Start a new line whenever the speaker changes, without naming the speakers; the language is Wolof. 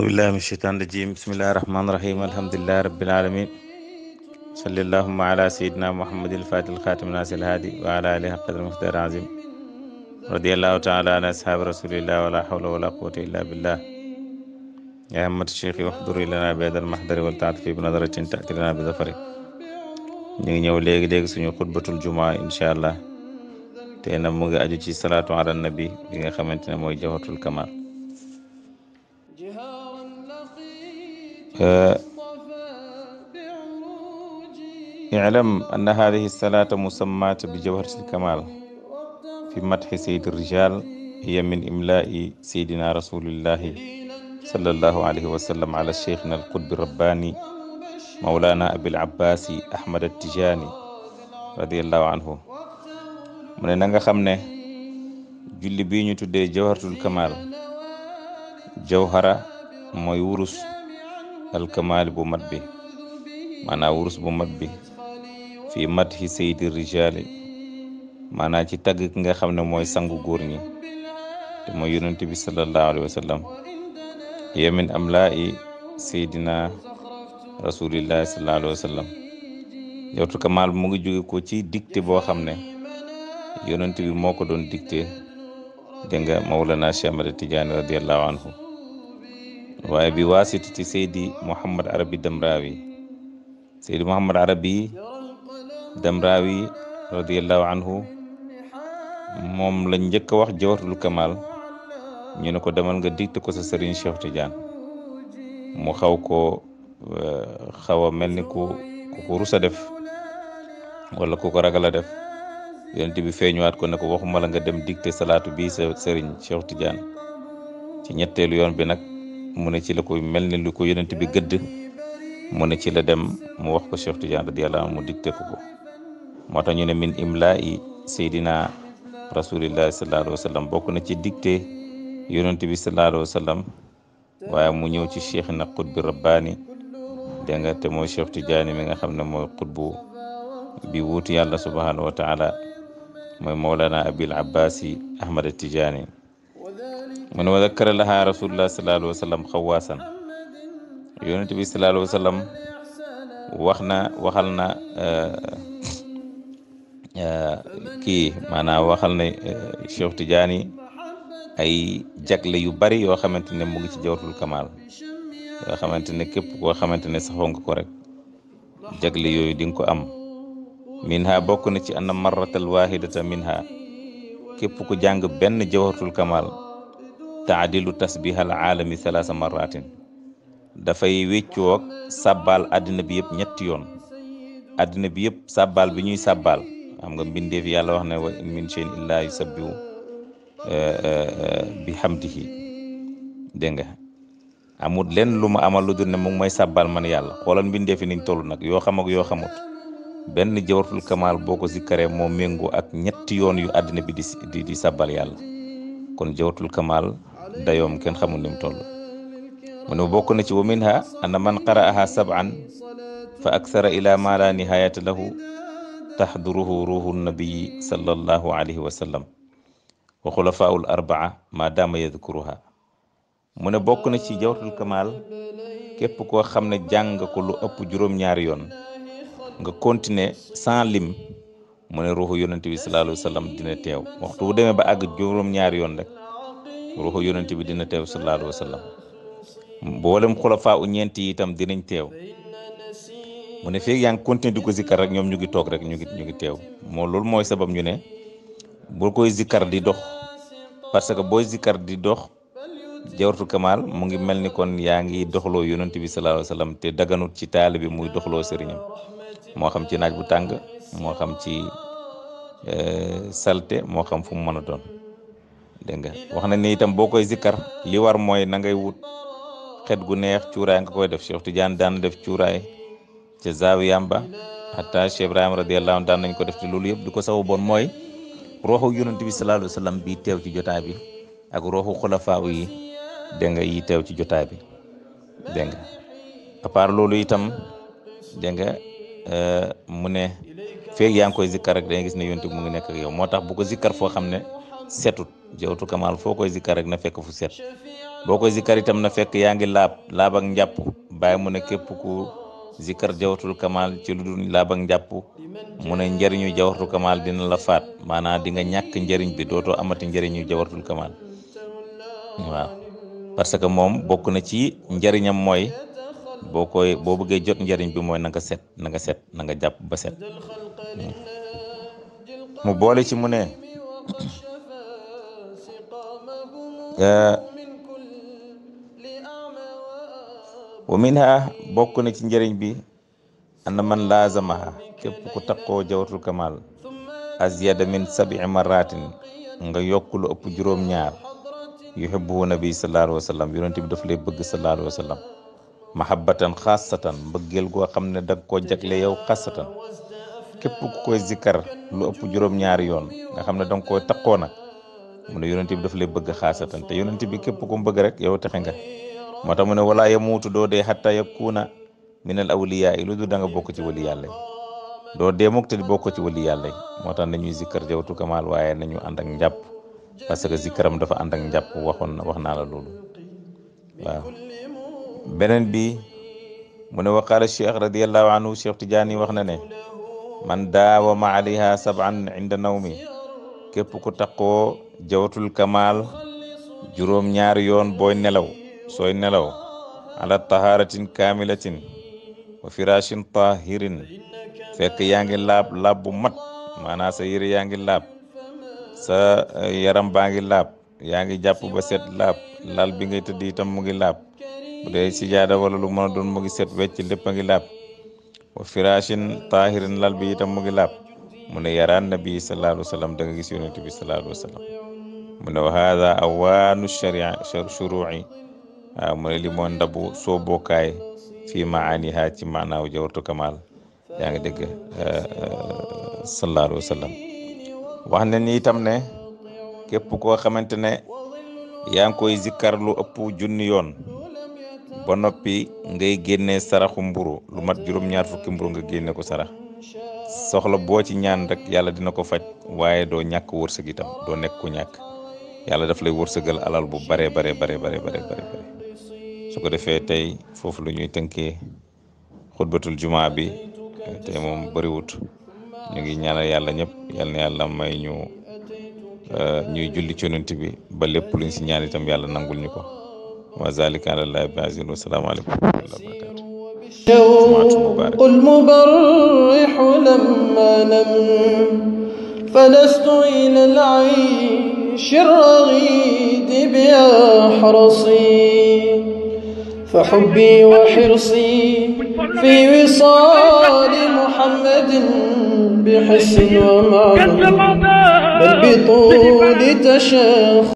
abillah min sheytaan rajim bismillahi rahmaani rahim alhamdulilahi rabbil alamin salli allahuma ala sayidina muhammadil fatil xaatim nasil haadi wa ala alihi qadri muxtar azim radiallahu taala an ashaabi rasulillah wala hawla wala quwata illa billah ya hammat cheikhi waxduri lana beedal mahdari wal taat fi binadaratin taati lana bi zafari ñu ngi ñëw léegi-léegi suñu xutbatul jumaa incha allah te na mu ngi aju ci salaatu ala nabi bi nga xamante ne mooy jawhatul kamal اعلم أن هذه الصلاة مسماة بجوهرة الكمال في مدح سيد الرجال هي من إملاء سيدنا رسول الله صلى الله عليه وسلم على شيخنا القطب الرباني مولانا أبي العباس أحمد التجاني رضي الله عنه mu ne na nga xam ne julli bii ñu tuddee jawharatul kamal jawhara mooy wurus alkamaal bu mat bi maanaam wurus bu mat bi fii mat hi saydi rijaali ci tagg ki nga xam ne mooy sangu góor ñi te mooy yonent bi sallallahu alayhi wa yemin am laa seydina rasulillahi sallallahu alayhi wa mu ngi jóge ci dicté boo xam ne yonent bi moo ko doon dicté dégg nga Mawlana Cheikh Ahmad Tidiane anhu waaye bi waasitati Seydi Mouhamed Arabi Damrawi Seydi Mouhamed Arabi Damrawi radiyallahu anhu moom la njëkk a wax Jawharatul Kamal ñu ne ko demal nga digte ko sa sëriñ Cheikh Tidiane mu xaw ko euh, xaw a mel ni ku ku def wala ku ko ragal a def yonent bi feeñuwaat ko ne ko waxuma nga dem digte salaatu bi sa sëriñ Cheikh ci ñetteelu yoon bi nag. mu ne ci la koy mel ni lu ko bi gëdd mu ne ci la dem mu wax ko Cheikh Tidiane radiyallahu anhu mu dicté ko ko moo tax ñu ne min imla i seydina rasulillahi sallallahu alayhi wa sallam bokk na ci dicté yonent bi sallallahu alayhi wa mu ñëw ci cheikh na xutbi rabbaani dégg nga te mooy Cheikh Tidiane mi nga xam ne mooy xutbu bi wuutu yàlla subhanahu wa taala mooy mawlana abil abbasi ahmad tijaani mu ne wa zakkara laha rasulullah sallallahu alayhi wa sallam bi sallallahu alayhi wa sallam wax na waxal na kii maanaam waxal na Cheikh ay jagle yu bari yoo xamante ne mu ci jawtul kamal yoo xamante ne képp koo xamante ne saxoo ko rek jagle yooyu di ko am minha bokk na ci anna marratal wahidata minha képp ku jàng benn jawharatul kamal taadilu tasbihal aalami salaasa marratin dafay wéccoog sabal àddina bi yëpp ñetti yoon àddina bi yëpp sàbbaal bi ñuy sabal xam nga mbindeef yàlla wax ne wa in min shay'in bi eh, eh, eh, hamdihi dégg nga amul lenn lu ma amal lu dul ne mu ngi may sàbbaal man yàlla xoolal mbindeef yi niñ toll nag yoo xam ak yoo xamut benn jawartul kamaal boo ko zikkaree moo méngoo ak ñetti yoon yu àddina bi di di sàbbaal kon jawartul kamaal dayoom kenn xamul ni mu toll na ci wa minha anna man qara'aha sab'an fa aksara ila ma la nihayata lahu taxduruhu ruhu nabiyi sallallahu alayhi wa wa xulafaa'ul arbaa ma daama yadkuruha mu ne bokk na ci jawratul kamal képp koo xam ne jàng ko lu ëpp juróom-ñaari yoon nga continuer san lim mu ne ruuxu yonente bi sallallahu dina teew waxtu bu demee ba àgg juróom-ñaari yoon rek ruuxu yonent bi dina teew sallallahu alayhi wa sallam mboolem xulafaa u ñeent yitam dinañ teew mu ne feeg yaa ngi continué di ko zikkar rek ñoom ñu ngi toog rek ñu ngi ñu ngi teew moo loolu mooy sabab ñu ne boo koy sikar di dox parce que booy zikkar di dox jawartu Kamal mu ngi mel ni kon yaa ngi doxloo yonent bi sallallahu alayhi wa sallam te daganut ci taalibe muy doxloo sëriñam moo xam ci naaj bu tàng moo xam ci eh, salte moo xam fu mu mën a doon. dégg nga wax na ni itam boo koy zikkar li war mooy na ngay wut xet gu neex cuuraay nga koy def Cheikh Tidiane daan def cuuraay ca zaawiyam ba hatta Cheikh Ibrahima daan nañ ko def te loolu yëpp di ko sawu bon mooy rooxu yonent bi sallallahu alayhi wa sallam bi teew ci jotaay bi ak rooxu xulafaaw yi dégg nga yi teew ci jotaay bi dégg nga à part loolu itam dégg nga euh, mu ne feeg yaa ngi koy zikkar rek dangay gis ne yonent bi mu ngi nekk ak yow moo tax bu ko zikkar foo xam ne setut jawatu kamal foo koy zikkar rek na fekk fu set boo koy zikkar itam na fekk yaa ngi laab laab ak njàpp bàyyi mu ne képp ku zikkar jawatul kamal ci lu dul laab ak njàpp ne njëriñu jawartu kamal dina la faat maanaam di nga ñàkk njëriñ bi dootoo amati njëriñu jawartul kamal parce que moom bokk na ci njëriñam mooy boo koy boo bëggee jot njëriñ bi mooy na set na nga set na nga jàpp ba set mu boole ci mu wa minha bokk na ci njëriñ bi an man laazamaha képp ku taqoo jawhatul kamal azyada min sabi maratin nga yokk lu ëpp juróom ñaar yuhibbuhu nabi sallallahu alayhi wa bi daf lay bëgg sallallahu alayhi wa sallam mahabbatan xaasatan mbëggeel goo xam ne dag koo jagle yow xaasatan képp ku lu ëpp juróom ñaari yoon nga xam ne danga koy taqoo nag mu ne yonent bi daf lay bëgg xaasatan te yonent bi képp ku mu bëgg rek yow texe nga moo tax mu ne wala yamuutu doo dee xatta yakuuna min al awliyaa yi lu dul da nga bokk ci wali yàlla doo dee mukk te di bokk ci wali yàlla yi moo tax nañuy zikkar jawtu kamaal waaye nañu ànd ak njàpp parce que zikkaram dafa ànd ak njàpp waxoon wax naa la loolu waaw beneen bi mu ne waqaala cheikh radiallahu anhu cheikh tijaani wax na ne man daawa ma alayha saban inda nawmi képp ku taqoo jawatul kamal juróom ñaari yoon booy nelaw sooy nelaw ala taharatin kaamilatin wa firashin tahirin fekk yaa ngi laab laab mat maanaam sa yére yaa ngi laab sa eh, yaram baa ngi laab yaa ngi jàpp ba set laab lal bi ngay tëdd mu ngi laab bu dee lu mën mu ngi set wecc lépp a ngi laab wa firashin tahirin lal bi itam mu ngi laab mu ne yaraan nabi sallallahu alayhi wa gisi da nga gis yonent bi sallallahu alayhi wa ne wa haada awaanu sharia shuruuci waaw ne li moo ndabu soo bokkaay fii maaniha ci maanaaw kamal yaa ngi dégg eh, sallallahu alayhi wa na ni ne képp koo xamante ne yaa ngi koy zikkar lu ëpp junni yoon ba noppi ngay génnee saraxu mburu lu mat juróom-ñaar fukki mburu nga génne ko sarax soxla boo ci ñaan rek yàlla dina ko faj waaye doo ñàkk wërsëg itam doo nekk ku ñàkk yàlla daf lay wërsëgal alal bu bare bare bare bare bare bare su ko defee tey foofu lu ñuy tënkee xutbatul jumaa bi tey moom bëriwut ñu ngi ñaanal yàlla ñëpp yal na ñu euh, ñuy julli conant bi ba lépp luñ si ñaan itam yàlla nangul ñu ko wa zalika alallaahi bi aziz wa salaamu aleykum wa شوق المبرح لما نم فلست إلى العيش الرغيد بأحرصي فحبي وحرصي في وصال محمد بحس ومعنى بل بطول تشاخص